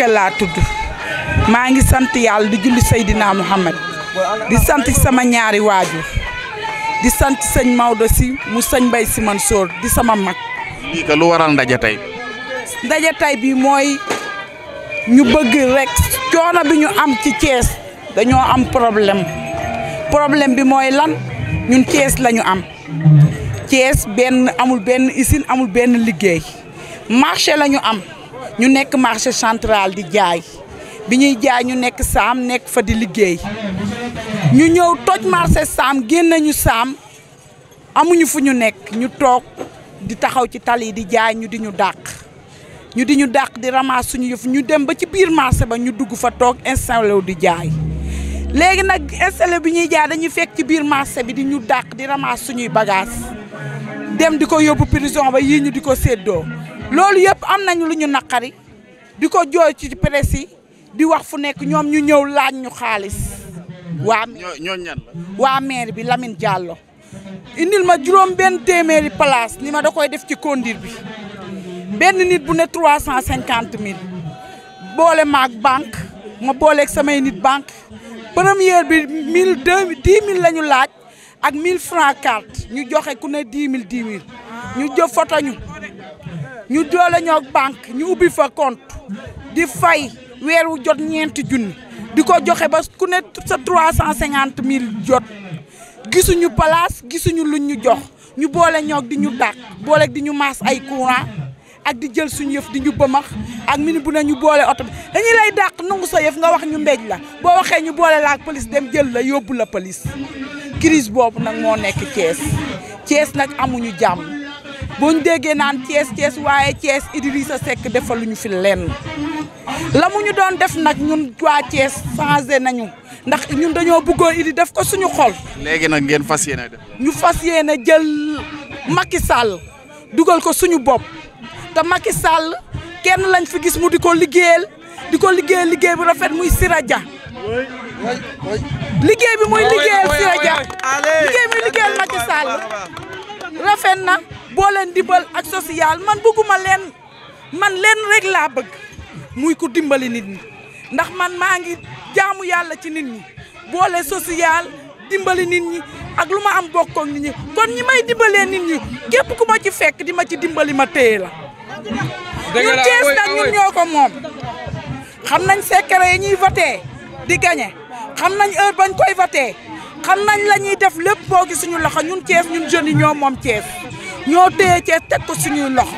Mbacke laa tudd maa ngi sant yàlla di julli Seydina Muhammad di sant sama ñaari waajur di sant sëñ Maodo si mu sëñ Mbaye Sy di sama mag. lu waral ndaje tey. ndaje tey bi mooy ñu bëgg rekk coono bi ñu am ci Thiès dañoo am problème problème bi mooy lan ñun Thiès la ñu am Thiès benn amul benn isin amul benn liggéey marché la am. ñu nekk marché central di jaay bi ñuy jaay ñu nekk saam nekk fa di liggéey ñu ñëw toj marché saam génn nañu saam amuñu fu ñu nekk ñu toog di taxaw ci tali yi di jaay ñu di ñu dàq ñu di ñu dàq di ramas suñu yëf ñu dem ba ci biir marché ba ñu dugg fa toog installé wu di jaay léegi nag installé bi ñuy jaay dañuy fekk ci biir marché bi di ñu dàq di ramas suñuy bagage dem di ko yóbbu prison ba yii ñu di ko séddoo loolu yëpp am nañu lu ñu naqari di ko jooy ci presse yi di wax fu nekk ñoom ñu ñëw laaj ñu xaalis waa ñoo ñan la bi Lamine Diallo indi ma juróom benn téeméeri place ni ma da koy def ci kondir bi benn nit bu ne trois cent cinquante mille boole maag banque ma booleeg samay nit banque première bi mille deux dix mille la ñu laaj ak mille franc carte ñu joxe ku ne dix mille dix ñu jëf foto ñu doole ñoo banque ñu ubbi fa compte di fay weeru wu jot ñeenti junni di ko joxe ba ku ne sa trois cent cinquante mille jot gisuñu palaas gisuñu luñ ñu jox ñu boole ñoog di ñu dàq boole di ñu maas ay courant ak di jël suñu yëf di ñu bëmax ak mini bu ne ñu boole oto bi dañuy lay dàq nangu sa yëf nga wax ñu mbéj la boo waxee ñu boole la ak police dem jël la yóbbu la police crise boobu nag moo nekk Thiès Thiès nag amuñu jàmm boo ñu déggee naan Thiès Thiès waaye sa Idrissa Seck defaluñu fi lenn la mu ñu doon def nag ñun waa Thiès changé nañu ndax ñun dañoo bëggoon Idi def ko suñu xol. léegi nag ngeen fas yéene def. ñu fas yéene jël Macky Sall dugal ko suñu bopp te Macky Sall kenn lañ fi gis mu di ko liggéeyal di ko liggéeyal liggéey bu rafet muy Sira Dia liggéey bi rafet na. boole leen ak social man ma leen man leen rek laa bëgg muy ko dimbali nit ñi ndax man maa ngi jaamu yàlla ci nit ñi boole social dimbali nit ñi ak lu ma am bokk ak nit ñi kon ñi may dimbalee nit ñi képp ku ma ci fekk di ma ci dimbali ma téye la ñun Thiès nag ñun ñoo ko moom xam nañ secret yi ñuy voté di gagné xam nañ heure bañ koy voté xam nañ lañuy def lépp boo gis suñu loxo ñun Thiès ñun jeunes yi ñoo moom Thiès ñoo téye Thiès teg ko suñuy loxo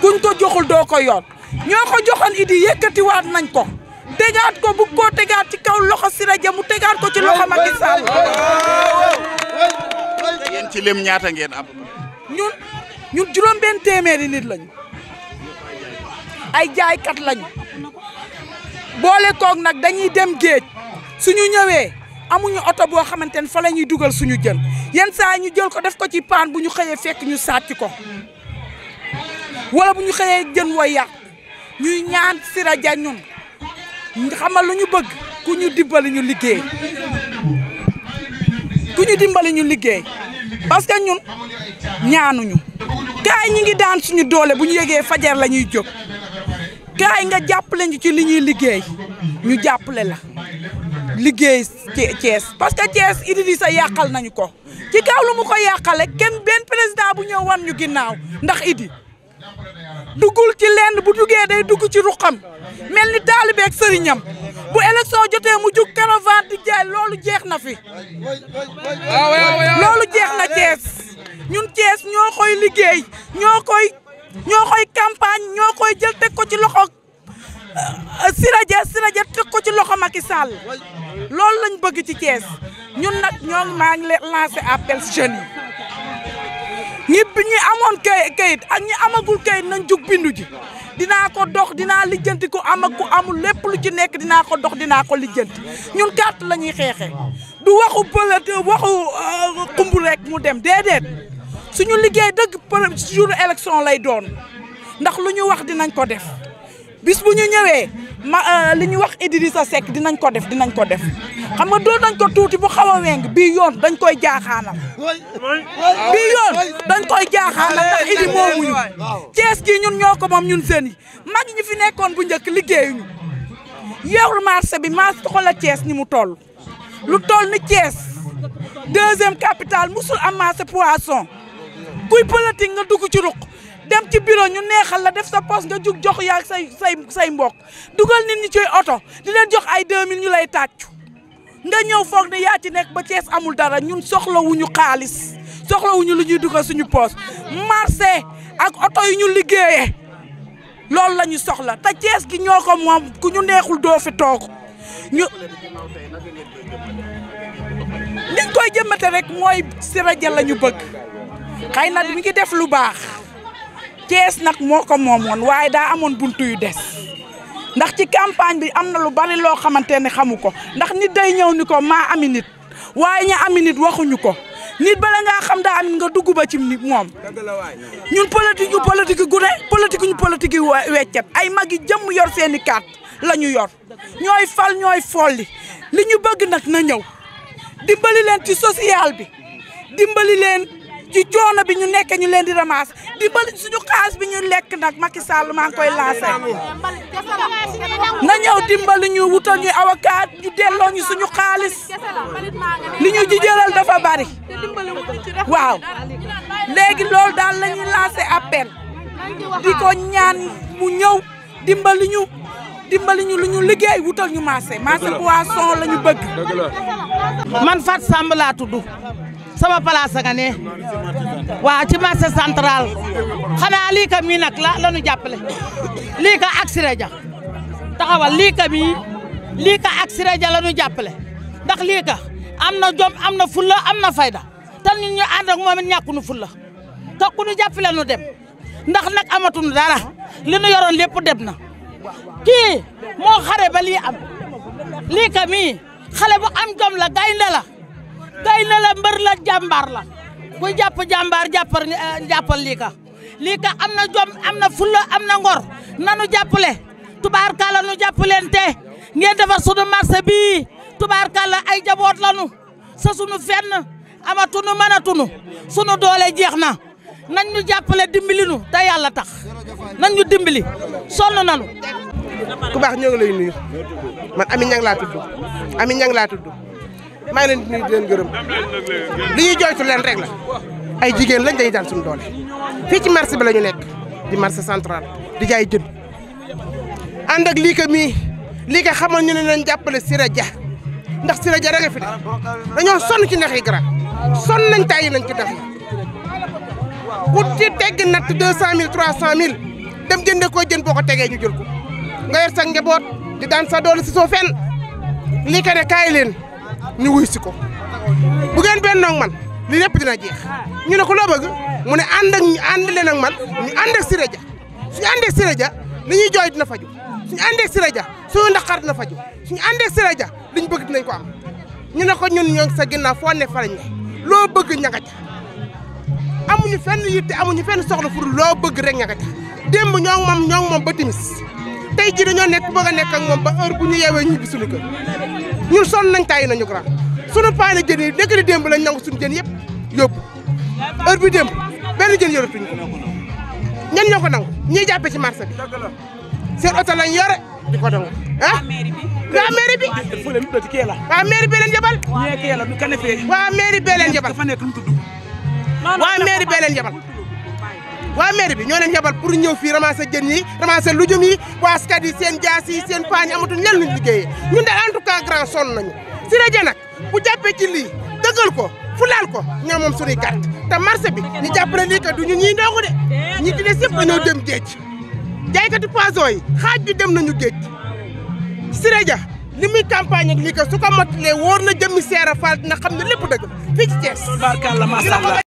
kuñ ko joxul doo ko yoon ñoo ko joxoon idi yëkkatiwaat nañ ko tegaat ko bu ko tegaat ci kaw loxo Siré Dia mu tegaat ko ci loxo Macky Sall ci lim ñaata ngeen am ñun juróom benn téeméeri nit lañu ay jaaykat lañu boole koog nag dañuy dem géej ñu ñëwee amuñu oto boo xamante ne fa la ñuy dugal suñu jën yenn saa ñu jël ko def ko ci paan bu ñu xëyee fekk ñu sàcc ko wala bu ñu xëyee jën wooy yàq ñuy ñaan Sira Dia ñun xamal lu ñu bëgg ku ñu dimbali ñu liggéey ku ñu liggéey parce que ñun ñaanuñu kaay ñi ngi daan suñu doole bu ñu yegee fajar la ñuy jóg kaay nga jàppale ñu ci li ñuy liggéey ñu jàppale la liggéey Thiès parce que Thiès Idrissa yàqal nañu ko ci kaw lu mu ko yàqale kenn benn président bu ñëw wan ñu ginnaaw ndax Idi duggul ci lenn bu duggee day dugg ci ruqam mel ni taalibe ak sëriñam bu élection jotee mu jug caravane di jaay loolu jeex na fi ah, loolu jeex na Thiès ñun Thiès ñoo koy liggéey ñoo koy ñoo koy campagne ñoo koy jël teg ko ci loxo Sira Dia Sira Dia teg ko ci loxo Macky sàll loolu lañ bëgg ci Thiès ñun nag ñoo maa ngi lancé appel jeunes yi ñi ñi amoon kay kayit ak ñi amagul kayit nañ jug bindu ji dinaa ko dox dinaa lijjanti ku am ku amul lépp lu ci nekk dinaa ko dox dinaa ko lijjanti ñun carte la ñuy xeexee du waxu pëlët waxu euh, xumb rek mu dem déedéet suñu liggéey dëgg jour élection lay doon ndax lu ñu wax dinañ ko def bis bu ñu ñëwee euh, li ñu wax sa Seck dinañ ko def dinañ ko def xam nga doon nañ ko tuuti bu xaw a weng bii yoon dañ koy jaaxaanal bii yoon dañ koy jaaxaanal ndax Idi moomuñu Cees gi ñun ñoo ko moom ñun seen yi mag ñi fi nekkoon bu njëkk liggéeyuñu yeewul marché bi maa xoolal Cees ñi mu toll lu toll ni Cees deuxième capitale musul am marché poisson kuy politique nga dugg ci ruq dem ci bureau ñu neexal la def sa poste nga jug jox yaag say say say mbokk dugal nit ñi ci oto di leen jox ay 2000 ñu lay tàccu nga ñëw foog ne yaa ci nekk ba Thiès amul dara ñun soxlawuñu xaalis soxlawuñu li ñuy dugal suñu poste marché ak oto yu ñu liggéeyee loolu la ñu soxla te Thiès gi ñoo ko moom ku ñu neexul doo fi toog ñu liñ koy jëmmate rek mooy Siré Dia la ñu bëgg xëy na mi ngi def lu baax Thiès nag moo ko moomoon waaye daa amoon buntu yu des ndax ci campagne bi am na lu bari loo xamante ne xamu ko ndax nit day ñëw ni ko maa ami nit waaye ña ami nit waxuñu ko nit bala ngaa xam daa am nga dugub a ci moom ñun politique yu gu ne politique ñu politique yu weccet ay mag yi jëmm yor seeni kaat la ñu yor ñooy fal ñooy folli li ñu bëgg nag na ñëw dimbali leen ci social bi dimbali ci coono bi ñu nekk ñu leen di ramas di bali suñu xaas bi ñu lekk nag Macky Sall maa ngi koy lancé na ñëw dimbali ñu wutal ñu avocat suñu xaalis li ñu ji dafa bari waaw léegi loolu daal la ñuy lancé appel ñaan mu ñëw dimbali ñu dimbali ñu lu ñu liggéey wutal ñu marché marché poisson la ñu bëgg man Fat Samb laa tudd sama place nga ne waaw ci marché central xanaa lii ka mii nag la la ñu jàppale lii ka accident ja taxawal liika ka mii lii ka accident ja la jàppale ndax lii ka am na jom am na fulla am na fayda te ñun ñu ànd ak moom it ñàkkunu fulla te ku ñu jàppale nu dem ndax nag amatuñu dara li nu yoroon lépp dem na kii moo xare ba lii am lii ka mii xale bu am jom la gaynde la la mbër la jàmbaar la ku jàpp jàmbaar jàppal eh, jàppal liika ka am na jom am na fulla am na ngor nanu jàppale tubaar kàlla nu jàppaleen te ngeen defar sunu marché bii tubaar kàlla ay jaboot lanu sa sunu fenn amatunu mënatunu sunu doole jeex na nañ ñu jàppale dimbali nu te yàlla tax nañ ñu dimbali sonn nanu ku baax ñoo ngi lay nuyu man Ami Ñang laa tudd Ami Ñang laa tudd maa ngi leen di nuyu di leen gërëm li ñuy jooytu leen rek la ay jigéen lañ day daan suñu doole fii ci marché bi la ñu nekk di marché central di jaay jën ànd ak lii ko mii lii ko xamoon ñu ne nañ jàppale Sira Dia ndax Sira Dia rek a fi ne dañoo sonn ci ndax yi gara sonn nañ tàyyi ci ndax ku ci tegg natt deux cent mille trois cent mille dem jënde koo jën boo ko tegee ñu jël ko nga yor sa njaboot di daan sa doole si soo fenn lii ka ne kaay leen ñu wuy si ko bu ngeen benn ak man li lépp dina jeex ñu ne ko loo bëgg mu ne ànd ak ñu ànd leen ak man ñu ànd ak Siré Dia suñu ànd ak Siré Dia li ñuy jooy dina faju suñu ànd ak Siré Dia suñu naqar dina faju suñu ànd ak Siré Dia liñ bëgg dinañ ko am ñu ne ko ñu ñoo sa ginnaaw foo ne fa loo bëgg ña nga amuñu fenn yitte amuñu fenn soxla furu loo bëgg rek ñaka ca démb ñoo ngi moom ñoo ba timis tey jii dañoo nekk bëgg a nekk ak moom ba heure bu ñu yeewee ñibbi suñu kër ñun sonn nañ tàyyi nañu ko ra suñu paane jën di démb lañ nangu suñu jën yëpp yóbbu heure bi démb benn jën yoratuñu ko ñan ñoo ko nangu ñiy jàppee ci marché bi seen oto lañ yore di ko nangu ah waa mairie bi waa mairie bee waa mairie bee leen jabal waa mairie bee leen yebal waa mairie bi ñoo leen yebal pour ñëw fii ramasser jën yi ramasser lujum yi waa askan yi seen jaas yi seen paañ amatuñ leen luñ liggéeyee ñun de en tout cas grand sonn nañu si rajo nag bu jàppee ci lii dëggal ko fu laal ko ñoo moom suñuy carte te marché bi ñu jàppale lii que du ñu ñuy ndongu de ñi ci des yëpp dañoo dem géej jaaykati poisson yi xaaj bi dem nañu géej si rajo li muy campagne ak lii que su ko wóor na jëmmi seera faal dina xam ne lépp dëgg fii